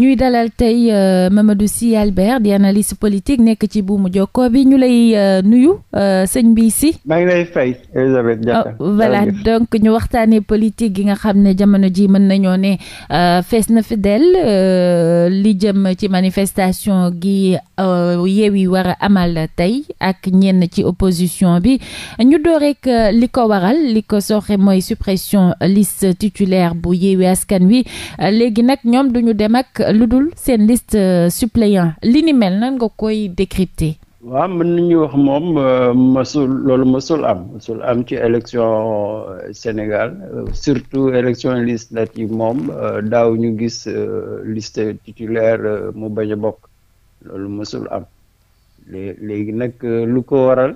ñuy dalal tey euh, Mamadou Sy Albert di analyste politique nekk ci buumu jokkoo bi ñu lay euh, nuyu euh, sëñ bi si. maa ngi lay fay Elisabeth Diatta ah, donc ñu waxtaanee politique gi nga xam ne jamono ji mën nañoo ne fees na fi del li jëm ci manifestation gi Yewwi war a amal tey ak ñenn ci opposition bi ñu door li ko waral li ko sooxe mooy suppression liste titulaire bu Yewwi Askan Wi léegi nag ñoom duñu dem ak lu dul seen liste euh, suppléant li ni mel nga koy décrypter. waaw mën nañu wax moom euh, mësul loolu mësul am mësul am ci élection euh, Sénégal surtout élection législative moom daaw ñu gis liste titulaire mu bañ a bokk loolu mësul am léegi nag lu ko waral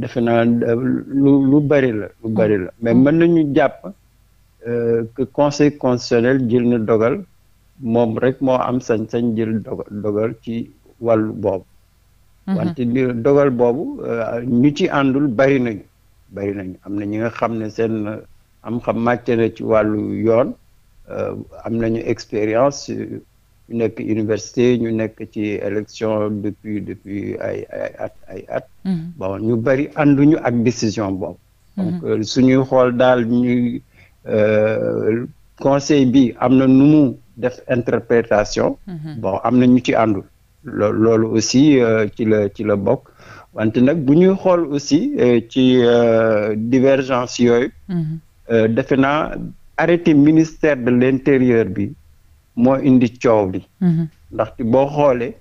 defe naa lu lu bari la lu bari la mais mm. mën nañu jàpp que conseil constitutionnel jël na dogal moom rek moo am sañ-sañ jël dogal ci wàllu boobu. Mhm. wante dogal boobu euh, ñu ci àndul bari nañu bari nañu am na ñi nga xam ne seen am xam màcc na ci wàllu yoon euh, am nañu expérience ñu nekk université ñu nekk ci élection depuis depuis ay ay at ay at. Mhm. ñu bari ànduñu ak décision boobu. Mhm. donc euh, suñuy xool daal ñuy conseil bi am na nu def interprétation. Mhm. bon am na ñu ci àndul. loolu aussi euh, ci la ci la bokk wante nag bu ñuy xool aussi euh, ci euh, divergence yooyu. Mhm. defe na arrêté ministère de l'intérieur bi moo indi coow li. Mhm. ndaxte boo xoolee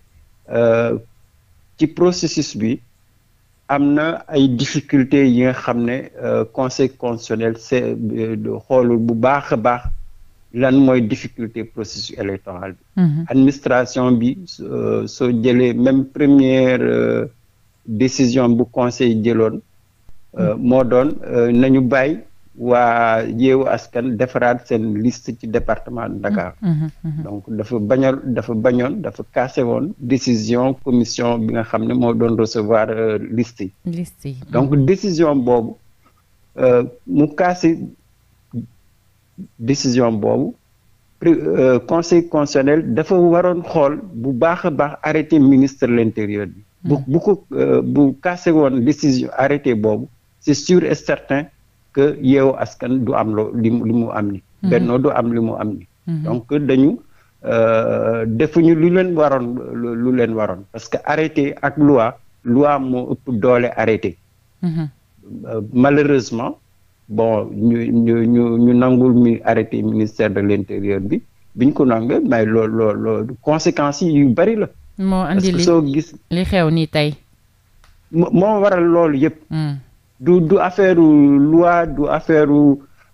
ci processus bi. am na ay difficultés yi nga xam ne conseil constitutionnel c'est xoolul bu baax a baax lan mooy difficulté processus électoral bi. Mhm. administration bi euh, soo jëlee même première euh, décision bu conseil jëloon. Euh, mhm. moo doon nañu bàyyi waa yeewu askan defaraat seen liste ci département de Dakar. Mhm, donc dafa bañal dafa bañoon dafa kaase woon décision commission bi nga xam ne moo doon recevoir liste yi. yi donc décision boobu mu kaase décision boobu euh, conseil constitutionnel dafa waroon xool bu baax a baax arrêté ministre de l'intérieur bi bu hmm. bu ko euh, bu cassé woon décision arrêté boobu c'est sur et certain que yeewu askan du am loo li li mu am ni hmm. bennoo du am li mu am ni hmm. donc dañu euh, defuñu lu leen waroon lu leen waroon parce que arrêté ak loi loi moo ëpp doole arrêté malheureusement bon ñu ñu ñu ñu nangul mi arrêté ministère de l'intérieur bi biñ ko nangee may lool lool lool conséquences yi yu bari la. moo andi li soo gis li xew nii tey. moo waral loolu yëpp. Hmm. du du affaire loi du affaire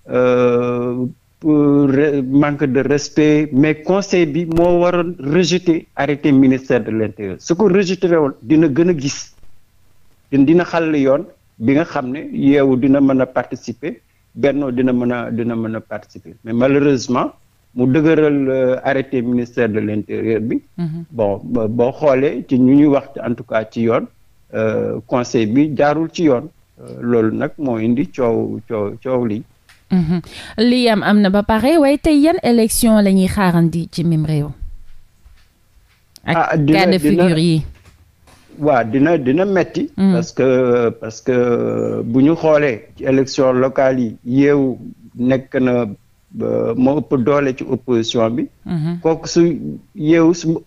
euh, manque de respect mais conseil bi moo waroon rejeter arrêté ministère de l'intérieur su ko rejeté woon dina gën a gis dina xàll yoon. bi nga xam ne yeewu dina mën a participer bennoo dina mën a dina mën a participer mais malheureusement mu dëgëral euh, arrêté ministère de l'intérieur bi. Mm-hmm. bon boo xoolee ci ñu ñuy wax en tout cas ci yoon euh, conseil bi jaarul ci yoon. Euh, loolu nag moo indi coow coow coow lii. Mm-hmm. lii am am na ba pare waaye tey yan élection lañuy ñuy xaarandi ci mim réew. ak cas ah, de figure yi. waa dina dina metti mm. parce que parce que bu ñu xoolee ci élection locale yi yeewu nekk na moo ëpp doole ci opposition bi mm-hmm. kooku su yeewu su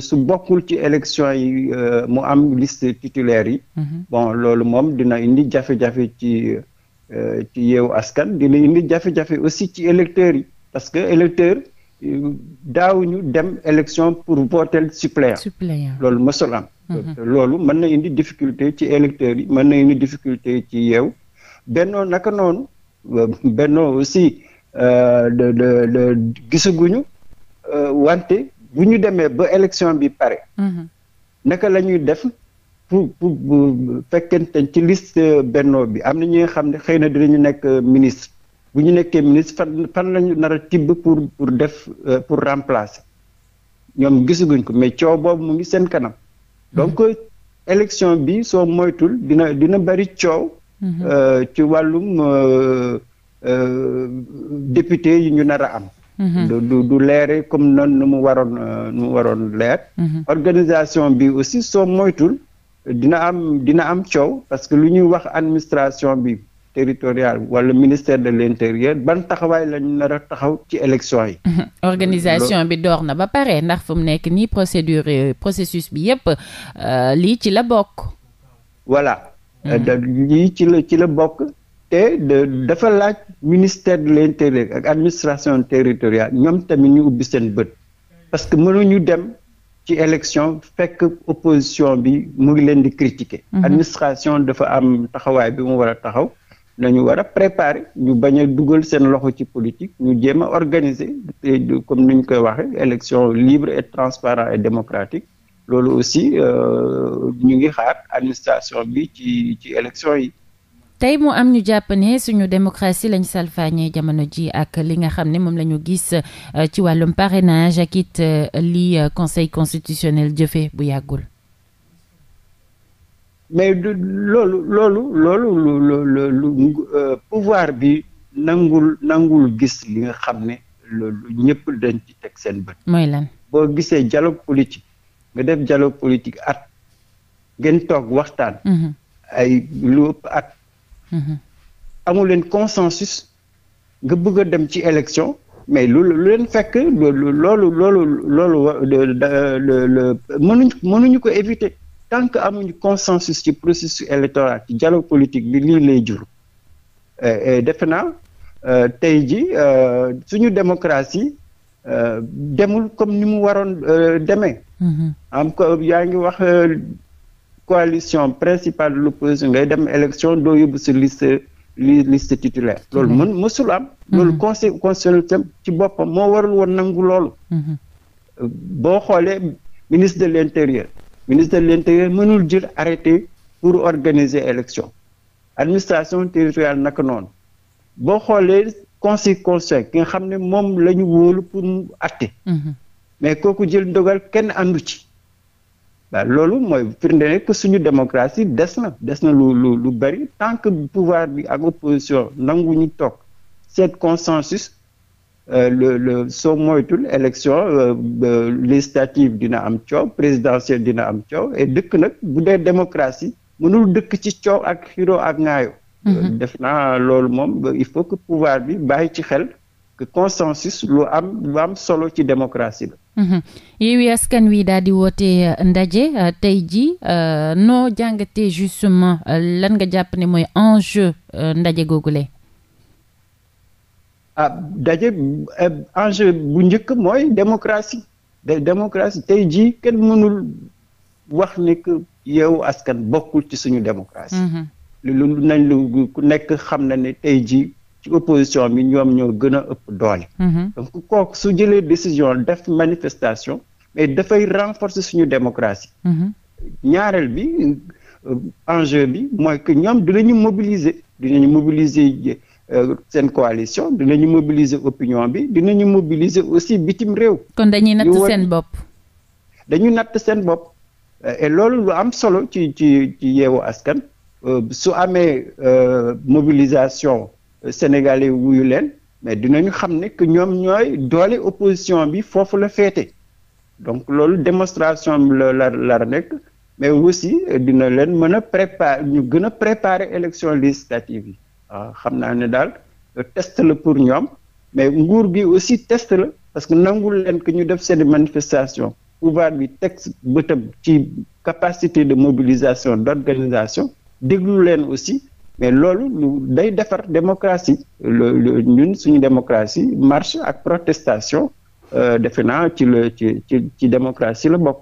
su bokkul ci élection yi euh, mu am liste titulaire yi mm-hmm. bon loolu moom dina indi jafe-jafe ci euh, ci yeewu askan dina indi jafe-jafe aussi ci électeurs yi parce que électeur euh, daawuñu dem élection pour voter suppléant loolu mësul am Mm-hmm. Euh, loolu mën na indi difficulté ci électeurs yi mën na indi difficulté ci yeew bennoo naka noonu euh, bennoo aussi euh, de de de gisaguñu wante bu ñu demee ba élection bi pare mm-hmm. naka la ñuy def pour pour fekkente ci liste bennoo bi am na ñi nga xam ne xëy na dinañu nekk ministre bu ñu nekkee ministre fan fan lañu nar a tibb pour pour def pour remplacer ñoom gisaguñ ko mais coow boobu mu ngi seen kanam donc mhm. élection bi soo moytul dina dina bari coow. Mhm. Euh, ci wàllum euh, euh, député yi ñu nar a am. Mhm. du du leere comme nan mu waroon nu mu waroon leer. organisation bi aussi soo moytul dina am dina am coow parce que lu ñuy wax administration bi. territoriale wala ministère de l'intérieur ban taxawaay lañ nar a taxaw ci élection yi. organisation bi door na ba pare ndax fu mu nekk nii procédure processus bi yépp euh, lii ci la bokk. voilà. Mm-hmm. Euh, lii ci la ci la bokk. te dafa laaj ministère de l'intérieur ak administration teritorial ñoom tamit ñu ubbi seen bët parce que mënuñu dem ci élection fekk opposition bi mu ngi leen di critiquer. Mm-hmm. administration dafa am taxawaay bi mu war a taxaw. lañu war a préparer ñu bañ a dugal seen loxo ci politique ñu jéem a organiser comme ni ñu koy waxee élection libre et transparent et démocratique loolu aussi euh, ñu ngi xaar administration bi ci ci élection yi. tey mu am ñu jàpp ne suñu démocratie lañ salfaañee jamono ji ak li nga xam ne moom la gis euh, ci wàllum parrainage ak it euh, li conseil constitutionnel jëfe bu yàggul. mais du loolu loolu loolu lu euh, pouvoir bi nangul nangul gis li nga xam ne loolu ñëpp dañ ci teg seen bët. mooy lan boo gisee dialogue politique nga def dialogue politique at ngeen toog waxtaan. Mhm. ay lu ëpp at. Mhm. amu consensus nga bëgg a dem ci élection mais lu leen fekk loolu loolu loolu loolu mënuñ mënuñu ko éviter. tant que amuñu consensus ci processus électoral ci dialogue politique bi lii lay jur euh, defe naa euh, tey ji euh, suñu démocratie demul comme ni mu waroon demee mm-hmm. am ko yaa ngi wax coalition principale de l'opposition ngay dem élection doo yóbbu sa liste liste titulaire mm-hmm. loolu mën mësul am mm-hmm. loolu conseil constitutionnel ci boppam moo warul woon nangu loolu boo xoolee ministre de l'intérieur ministre de l'intérieur mënul jël arrêté pour organiser élection administration territoriale naka noonu boo xoolee conseil conseil ki nga xam ne moom la ñu wóolu pour mu atte mhm. mais kooku jël dogal kenn àndu ci waaw loolu mooy firnde ne suñu démocratie des na des na lu lu lu bari tant que pouvoir bi ak opposition ñu toog seet consensus Euh, le le soo moytul élection euh, législative dina am coow présidentielle dina am coow et dëkk nag bu dee démocratie mënul dëkk ci coow ak xiroo ak ŋaayo mm-hmm. euh, def naa loolu moom il faut que pouvoir bi bàyyi ci xel que consensus lu am lu am solo ci démocratie la mm-hmm. Yewwi Askan Wi daal di woote ndaje tey ji noo jàngatee justement lan nga jàpp ne mooy enjeu ndaje googule ah daje eh, enjeu bu njëkk mooy démocratie de démocratie tey jii kenn mënul wax ne que askan bokkul ci suñu démocratie. Mm-hmm. lu nañ lu ku nekk xam na ne tey jii ci opposition bi ñoom ñoo gën a ëpp doole. Mm-hmm. donc kooku su jëlee décision def manifestation mais dafay renforcer suñu démocratie. Mm-hmm. ñaareel bi euh, enjeu bi mooy que ñoom dinañu mobiliser dinañu mobiliser. Euh, seen coalition ñu mobiliser opinion bi dinañu mobiliser aussi bitim réew. kon dañuy natt seen bopp. dañuy natt seen bopp euh, loolu lu am solo ci ci ci yeewu askan euh, su amee mobilisation sénégalais wuyu leen mais dinañu xam ne ñoom ñooy doole opposition bi foofu la féete donc loolu démonstration bi la la la nekk. mais aussi dina leen mën a préparer ñu gën a préparer élection législative yi waaw xam naa ne daal test la pour ñoom mais nguur gi aussi test la parce que nangul leen que ñu def seen manifestation pouvoir bi teg bëtam ci capacité de mobilisation d'organisation déglu leen aussi mais loolu lu day defar démocratie le ñun suñu démocratie marché ak protestation euh, defe naa ci la ci ci ci démocratie la bokk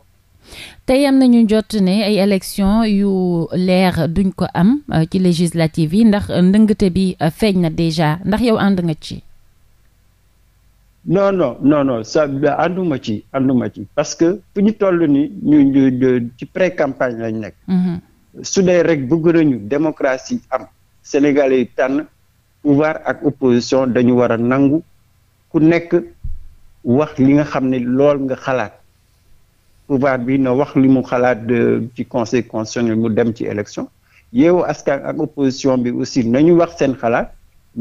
te am nañu jot ne ay élections yu leer duñ ko am euh, ci législative yi ndax euh, ndëngte bi euh, feeñ na déjà ndax yow ànd nga ci. non non non non ça ànduma ci ànduma ci parce que fu ñu toll ni ñu ñu ci pré campagne lañ nekk. Mm-hmm. su dee rek bëgg nañu démocratie am Sénégalais yi tànn pouvoir ak opposition dañu war a nangu ku nekk wax li nga xam ne lool nga xalaat. pouvoir bi na wax li mu xalaat ci conseil constitutionnel mu dem ci élection yeewu askan ak opposition bi aussi nañu wax seen xalaat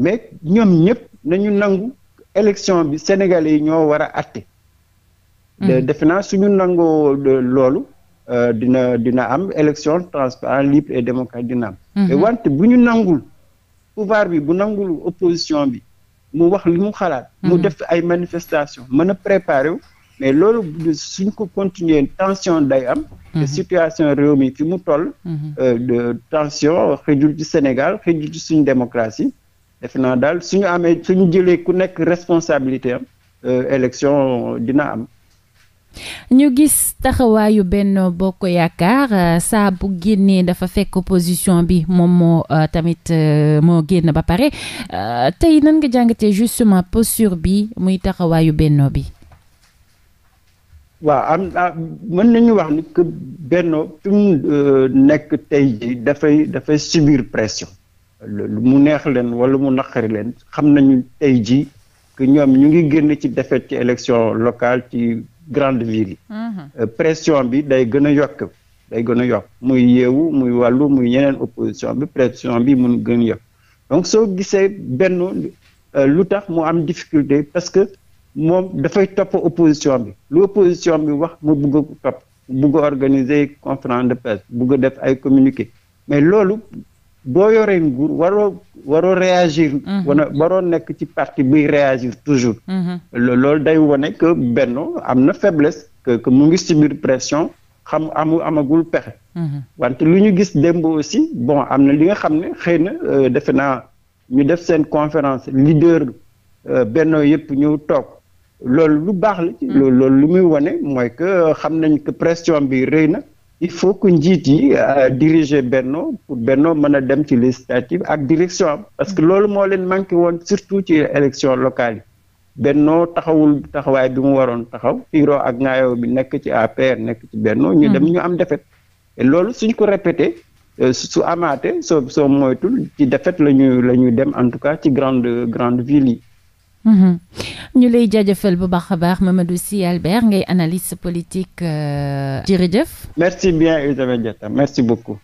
mais ñoom ñëpp nañu nangu élection bi sénégalais yi ñoo war a atte hmm. defe naa suñu nangoo loolu euh, dina dina am élection transparente libre et démocratique dina am te hmm. wante bu ñu nangul pouvoir bi bu nangul opposition bi mu wax li mu xalaat hmm. mu def ay manifestation mën a préparer mais loolu suñ ko continuer tension day am mm-hmm. te situation réew mi fi mu toll mm-hmm. euh, de tension xëjul ci Sénégal xëjul ci suñu démocratie def naa daal suñu amee suñu jëlee ku nekk responsabilité am euh, élection dina am ñu gis taxawaayu Benno Bokk Yaakaar euh, saa bu génnee dafa fekk position bi moom moo tamit moo génn ba pare tey nan nga jàngatee justement posture bi muy taxawaayu bennoo bi waa am ah, mën nañu wax ni kë Benno fi mu euh, nekk tey jii dafay dafay subir pression mu neex leen wala mu naqari leen xam nañu tey ji que ñoom ñu ngi génn ci défaite ci élection locale ci grande ville yi mm-hmm. euh, pression bi day gën a yokk day gën a yokk muy yeewu muy wàllu muy yeneen opposition bi pression bi mun gën a yokk donc soo gisee Benno euh, lu tax mu am difficulté parce que moom dafay topp opposition bi lu opposition bi wax mu bugg a topp bugg a organiser conférence de presse bugg def ay communiqué mais loolu boo yoree nguur waroo waroo réagir. Mhm. wana waroo nekk ci parti buy réagir toujours. Mhm. loolu day wane que Benno am na faiblesse que que mu ngi subir pression xam amu amagul pexe. Mhm. wante lu ñu gis démb aussi bon am na li nga xam ne xëy na euh, defe naa ñu def seen conférence leader euh, Benno yëpp ñëw toog. loolu lu baax la ci hmm. loolu lu muy wane mooy que xam nañ que pression bi rëy na il faut que njiit yi euh, diriger Benno pour Benno mën a dem ci législative ak direction am parce que loolu moo leen manqué woon surtout ci élection locale yi Benno taxawul taxawaay bi mu waroon taxaw xiiroo ak ngaayoo bi nekk ci APR nekk ci Benno ñu hmm. dem ñu am defet loolu suñ ko répété euh, su amaate soo soo moytul ci defet la ñuy la ñuy dem en tout cas ci grande grande ville yi Mhm. ñu lay jaajëfal bu baax a baax Mamadou Sy Albert ngay analyste politique euh, jërëjëf. merci bien Elisabeth Diatta merci beaucoup